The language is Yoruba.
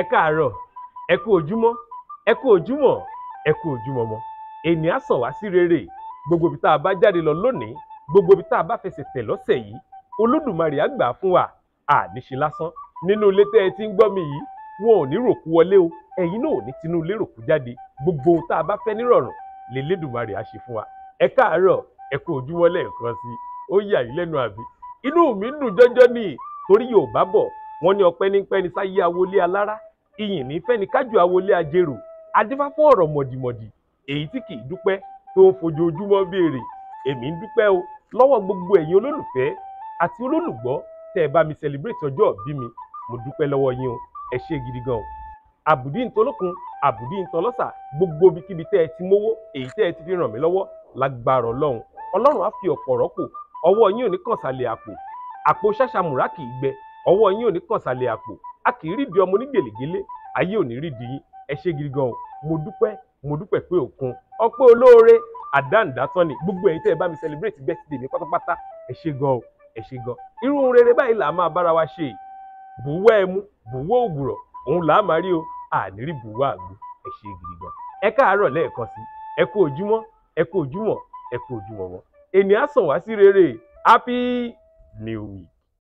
ẹ káàárọ̀ ẹ kú ojúmọ́ ẹ kú ojúmọ́ ẹ kú ojúmọmọ ènì á sàn wá sí rere gbogbo ibi tá a bá jáde lọ lónìí gbogbo ibi tá a bá fẹsẹ̀ tẹ̀ lọ́sẹ̀ yìí olódùmarè á gbà fún wa àníṣe lásán nínú ilé tẹ́ ẹ ti ń gbọ́ mi yìí wọn ò ní ròkú wọlé o ẹ̀yin náà ò ní tinú ilé ròkú jáde gbogbo ohun tá a bá fẹ́ nírọ̀rùn lélẹ́dùmarè á ṣe fún wa ẹ káàárọ̀ ẹ kú ojúmọ́ lẹ́ẹ̀kan sí i ó yà yín lẹ́nu àbí inú mi ń dùn jọjọ nìyí torí Yorùbá bọ̀ wọ́n ní ọpẹ́ ní pẹ́ni sáyé awolé alára iyìn ní fẹ́ni kájù awolé ajérò adífáfọ́ ọ̀rọ̀ mọ̀dìmọ̀dì èyí tí kì í dúpẹ́ tó ń fojoojúmọ́ béèrè èmi ń dúpẹ́ o lọ́wọ́ gbogbo ẹ̀yin olólùfẹ́ àti olólùgbọ́ tẹ́ ẹ bá mi celebrate ọjọ́ ìbí mi mo dúpẹ́ lọ́wọ́ yín o ẹ ṣe gidi gan o àbùdí ntọ́lọ́kun àbùdí ntọ́lọ́sà gbogbo ibikíbi tẹ́ ẹ ti mówó èyí tẹ́ ẹ ti fi ràn mí lọ́wọ́ lágbára ọlọ́run ọlọ́run á fi ọ̀pọ̀ rọ́pò ọwọ́ yín ò ní kàn sálẹ̀ àpò àpò ṣàṣàmùrà kì í gbẹ ọwọ́ yín ò ní kàn sálẹ̀ àpò a kì í rídìí ọmọ onígèlègélé ayé ò ní rídìí yín ẹ ṣe gidi gan mo dúpẹ́ mo dúpẹ́ pé òkun ọpẹ́ olóore àdáǹdátán ni gbogbo ẹ̀yin tẹ́ ẹ bá mi celebrate birthday mi pátápátá ẹ ṣe gan ẹ ṣe gan irú ohun rere báyìí là á máa bára wa ṣe bùwọ́ ẹmu bùwọ́ òwúrọ̀ òun là á máa rí o àníri bùwọ́ àgbo ẹ ṣe gidi gan ẹ káàárọ̀ lẹ́ẹ̀kan sí ẹ kú ojúmọ́ ẹ kú ojúmọ́ ẹ kú ojúmọ́ wọn ènìyàn sàn wá sí rere happy new week.